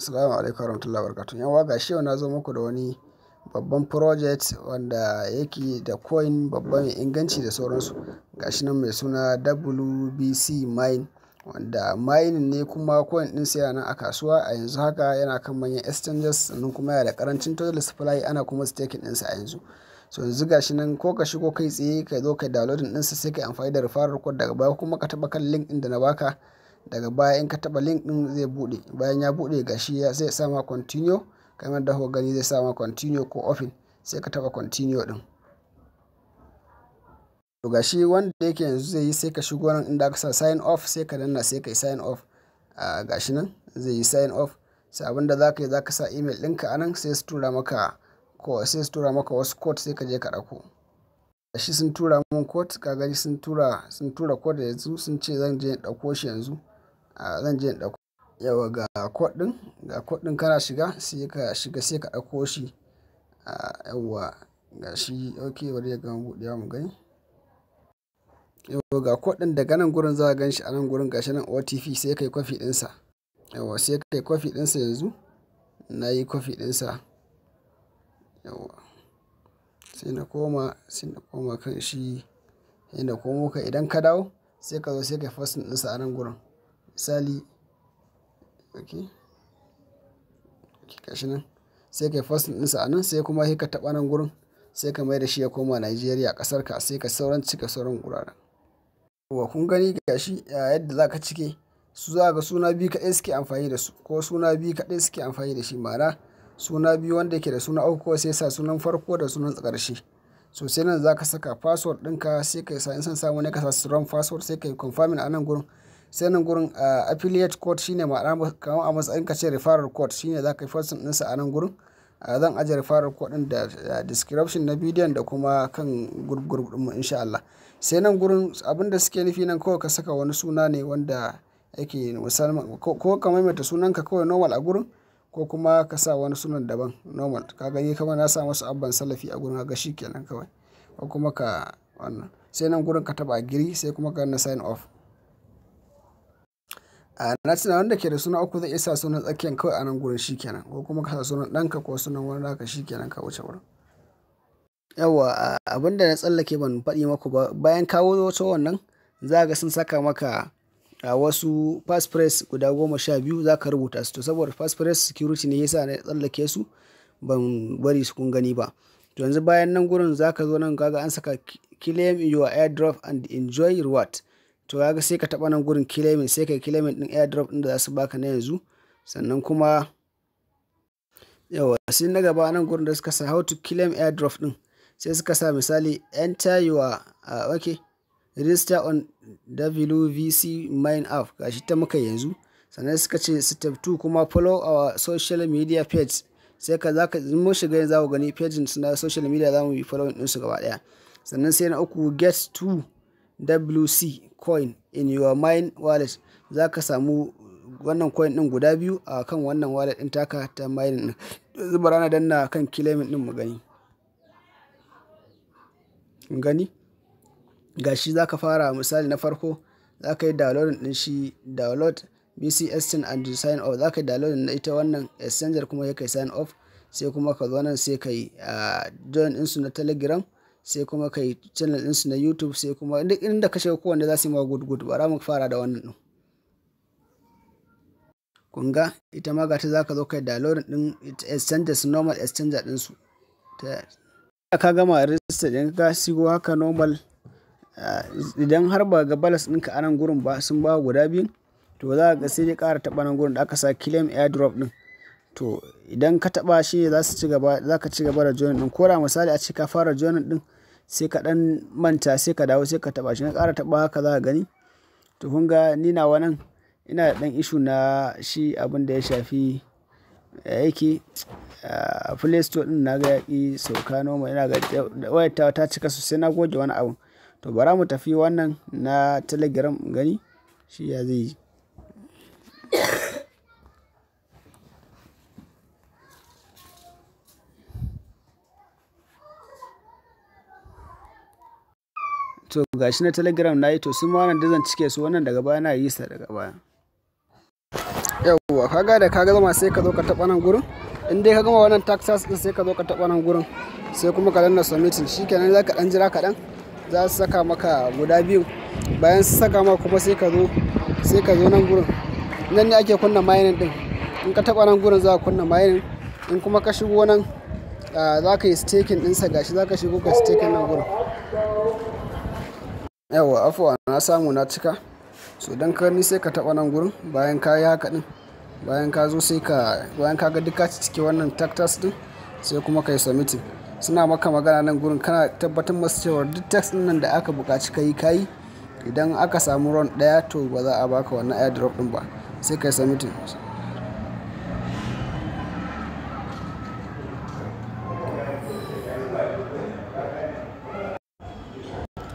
Assalamu alaikum warahmatullahi wabarakatuh. Yan gashi yau na zo muku da wani babban project wanda yake da coin babba mai inganci da sauransu. Gashi nan mai suna WBC Mine wanda mine ne kuma coin din sai nan a kasuwa a yanzu haka yana kan manyan exchanges sannan kuma yana da karancin total supply ana kuma staking din sa a yanzu. So yanzu gashi nan ko ka shigo kai tsaye kai zo kai downloading din sa sai kai amfani da referral code daga baya kuma ka taba kan link din da na baka. daga baya in ka taba link ɗin zai buɗe bayan ya buɗe gashi ya sai sama continue kamar da kuka gani zai sama continue ko open sai ka taɓa continue ɗin to gashi wanda yake yanzu zai yi sai ka shigo nan inda aka sa sign off sai ka danna sai ka yi sign off a gashi nan zai yi sign off sai abin da za ka yi zaka ka sa email ɗinka a nan sai su tura maka ko sai su tura maka wasu code sai ka je ka ɗauko gashi sun tura mun code ka gani sun tura sun tura code yanzu sun ce zan je ɗauko shi yanzu zan je da ɗauko. ga code ga code kana shiga sai ka shiga sai ka ɗauko shi. yawa ga shi ok wani ya gama buɗewa mu gani. yawa ga code daga nan gurin za ka gan shi a nan gurin gashi nan OTP sai ka yi kwafi sa yawa sai ka yi kwafi sa yanzu. Na yi kwafi sa yawa sai na koma sai na koma kan shi. Sai komo ka idan ka dawo sai ka zo sai ka yi posting ɗinsa a nan gurin. misali okay nan sai kai posting ɗinsa a nan sai kuma sai ka taɓa nan gurin sai ka mai da shi ya koma Najeriya ƙasar ka sai ka sauran cika sauran guraren wa kun gani gashi yadda za ka cike su za ga suna biyu kaɗai suke amfani da su ko suna biyu kaɗai suke amfani da shi ma'ana suna biyu wanda ke da suna uku sai sa sunan farko da sunan ƙarshe so nan za ka saka password ɗinka sai ka sa in san samu ne ka sa strong password sai ka yi confirming a nan gurin sai nan gurin affiliate court shine ma'ana kamar a matsayin ka ce referral court shine za ka yi posting ɗinsa a nan gurin zan aje referral court ɗin da description na bidiyon da kuma kan gurgur mu insha Allah sai nan gurin abinda suke nufi nan kawai ka saka wani suna ne wanda yake musamman ko ka maimaita sunan ka kawai normal a gurin ko kuma ka sa wani sunan daban normal ka gani kamar na sa masu abban salafi a gurin ga shi kenan kawai ko kuma ka wannan sai nan gurin ka taba giri sai kuma ka na sign off a na tuna wanda ke da suna uku zai isa sunan tsakiyar kawai a nan gurin shikenan ko kuma ka sa sunan ɗanka ko sunan wani shi shikenan ka wuce wurin yawa abin da na tsallake ban faɗi maku ba bayan kawo wata wannan za ga sun saka maka a wasu passphrase guda goma sha biyu za ka rubuta su to saboda passphrase security ne yasa na tsallake su ban bari su kun gani ba to yanzu bayan nan gurin za ka zo nan kaga an saka claim your airdrop and enjoy reward to ya ga sai ka taɓa nan gurin kilomin sai yi kilomin ɗin airdrop ɗin da za su baka na yanzu sannan kuma yawa sai na gaba nan gurin da suka sa how to claim airdrop ɗin sai suka sa misali enter your uh, okay register on WVC mine app gashi ta muka yanzu sannan suka ce step 2 kuma follow our social media page sai ka za ka mun shiga yanzu za gani page na social media za mu yi following ɗinsu gaba ɗaya sannan sai na uku get to WC coin in your mine wallet za ka samu wannan coin din guda biyu a kan wannan wallet din taka ta mining din zuba rana danna kan claiming din mu gani gani gashi za ka fara misali na farko za ka yi downloading din shi download bcs tin and sign off za ka yi download na ita wannan exchanger kuma ya kai sign off sai kuma ka zo nan sai ka yi ah, join ɗinsu na telegram sai kuma ka yi channel ɗinsu na youtube sai kuma duk inda ka shiga kowanne za su yi ma good good bara mu fara da wannan ɗin Kunga ita ma gata za ka zo kai downloading ɗin exchanges normal exchanger ɗinsu ta ka gama register ɗin ka sigo haka normal eh, idan har ba ga balas ɗinka ka anan gurin ba sun ba guda biyu to za ka sai dai ƙara taɓa nan gurin da aka sa claim airdrop ɗin to idan ka taɓa shi za ka ci gaba da joining ɗin ko da misali a ce ka fara jona ɗin sai ka ɗan manta sai ka dawo sai ka taɓa shi na ƙara taba haka za ka gani to kun ga ni na nan ina da ɗan ishu na shi abin da ya shafi eh, yake a ah, play store din na ga yaƙi sauka noma ina ga wayar ta ta cika sosai na goge wani abu to bara mu tafi wannan na telegram gani shi ya zai yi to gashi na telegram na yi to sun ma wannan da cike su wannan daga baya na yi sa daga baya yawwa kaga da kaga zama sai ka zo ka taba nan gurin in dai ka gama wannan taxas din sai ka zo ka taba nan gurin sai kuma ka danna submitin shikenan za ka dan jira kaɗan za su saka maka guda biyu bayan su saka maka kuma sai ka zo sai ka zo nan gurin nan ne ake kunna mining din in ka taba nan gurin za ka kunna mining in kuma ka shigo nan ah, za ka yi staking ɗinsa gashi za ka shigo ka staking nan gurin yawa afuwa na samu na cika. So don karni sai ka taba nan gurin bayan ka yi haka din Bayan ka zo sai ka, bayan ka ga duka cike wannan taktas din sai kuma ka yi submitting. Suna maka magana nan gurin kana tabbatar masu cewa duk task ɗinnan nan da aka bukaci ka yi ka Idan aka samu ron ɗaya to ba za a baka wannan airdrop ɗin ba sai ka yi submitting.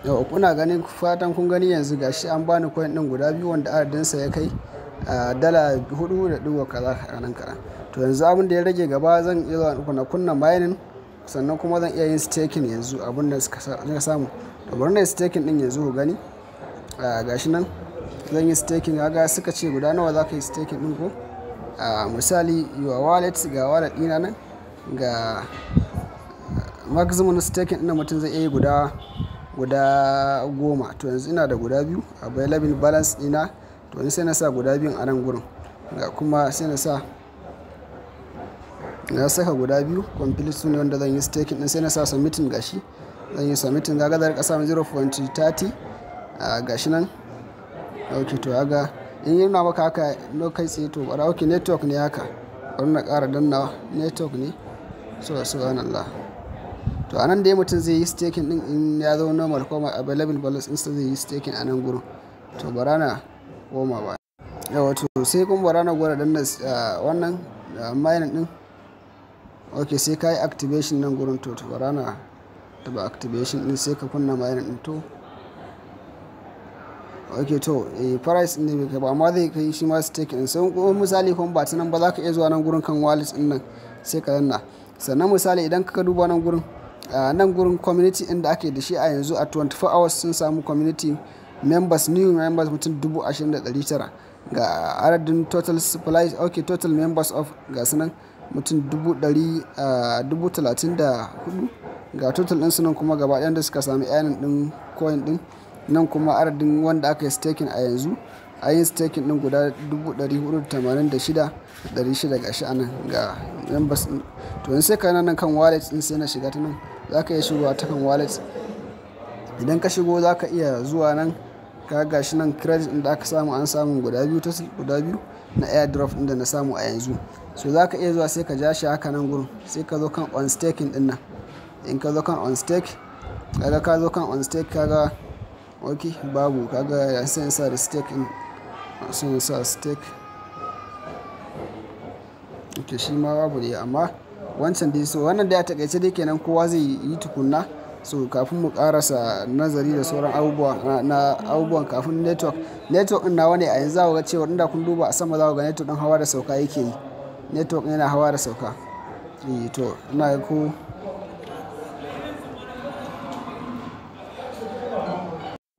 Yau kuna ganin fatan kun gani yanzu gashi an bani coin ɗin guda biyu wanda adadinsa ya kai dala huɗu da dubu kaza kaɗan kaɗan. To yanzu abin da ya rage gaba zan iya zuwa kuna kunna mining sannan kuma zan iya yin staking yanzu abin da suka samu. To bari na yi staking ɗin yanzu ku gani gashi nan zan yi staking ga suka ce guda nawa za ka yi staking ɗin ko? misali your wallet ga wallet dina nan ga maximum staking ɗin mutum zai iya yi guda guda goma to yanzu ina da guda biyu available balance ina to yanzu sai na sa guda biyun a nan gurin ga kuma sai na sa na saka guda biyu complete sun wanda zan yi staking din sai na sa submitting gashi zan yi submitting ga gadar kasa 0.30 gashi nan ok to haka in yi maka haka no kai tsaye to bara ok network ne haka bari na kara dannawa network ne so la. to anan ya mutum zai yi staking din in ya zo normal ko available balance insta zai yi staking anan gurin to barana koma ba ya wato sai kuma barana gwada dan ah, wannan ah, mining din ok sai ka yi activation nan gurin to to barana da ba activation din sai ka kunna mining din to ok to eh price din ne bai ba amma zai kai shi ma staking din sai kuma misali kuma ba ta nan ba za ka iya zuwa nan gurin kan wallet din nan sai ka danna sannan misali idan ka duba nan gurin nan gurin community inda ake da shi a yanzu a 24 hours sun samu community members new members mutum 29,900 ga adadin total supplies ok total members of ga sunan mutum 34,000 ga total ɗin sunan kuma gaba da suka sami yanin ɗin coin ɗin nan kuma adadin wanda aka yi staking a yanzu a yin staking ɗin guda 486,600 ga shi a nan ga members ɗin yin sai ka nan kan wallet din sai na shiga ta nan za ka iya shigowa ta kan wallet idan ka shigo za ka iya zuwa nan ka ga shi nan credit inda aka samu an samu guda biyu ta guda biyu na airdrop inda na samu a yanzu so za ka iya zuwa sai ka ja shi haka nan gurin sai ka zo kan on staking din nan in ka zo kan on stake kaga ka zo kan on stake kaga ok babu kaga ya sai sa da stake in sun sa stake ok shi ma babu ne amma wancan dai so wannan da ya takaice dai kenan kowa zai yi tukunna so kafin mu karasa nazari da sauran abubuwa na abubuwan kafin network network din na wani a yanzu za ga cewa inda kun duba a sama za ga network din hawa da sauka yake yi network yana hawa da sauka eh to ina ga ko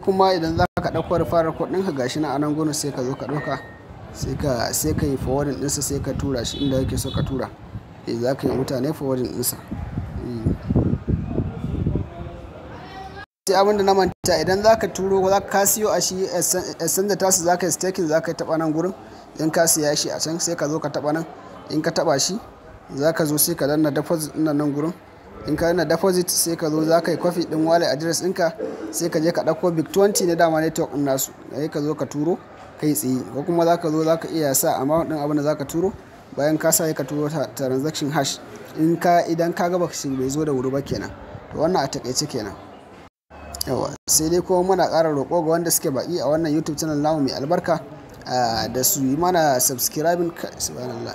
kuma idan za ka ɗauko rufar kuɗin ka gashi na anan gurin sai ka zo ka ɗauka sai ka yi forwarding ɗinsa sai ka tura shi inda yake so ka tura za ka yi mutane forwarding ɗinsa sai abin da na manta idan za ka turo za ka siyo a shi esen da tasu za ka yi staking za ka yi taɓa nan gurin in ka siya shi a can sai ka zo ka taɓa nan in ka taɓa shi za ka zo sai ka danna deposit ɗin nan gurin in ka na deposit sai ka zo za ka yi kwafi din wallet address ɗinka sai ka je ka ɗauko big 20 na dama network ɗin nasu sai ka zo ka turo kai tsaye ko kuma za ka zo za ka iya sa amount ɗin abin da za ka turo bayan ka sa ka turo transaction hash in ka idan ka ga bakashin bai zo da wuri ba kenan to wannan a takaice kenan yawa sai dai kuma muna ƙara roƙo ga wanda suke baki a wannan youtube channel namu mai albarka da su yi mana subscribing subhanallah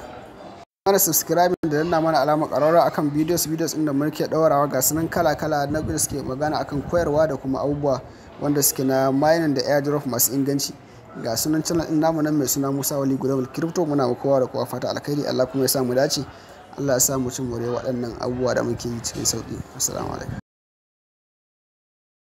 mana subscribing da danna mana alama ƙararra akan videos videos inda muke ɗaurawa ga sunan kala kala na suke magana akan koyarwa da kuma abubuwa wanda suke na mining da airdrop masu inganci ga sunan canal din namu nan mai suna Musa Wali Global Crypto muna ma kowa da kowa fata alkhairi Allah kuma ya sa mu dace Allah ya sa mu cin more waɗannan abubuwa da muke yi cikin sauki assalamu alaikum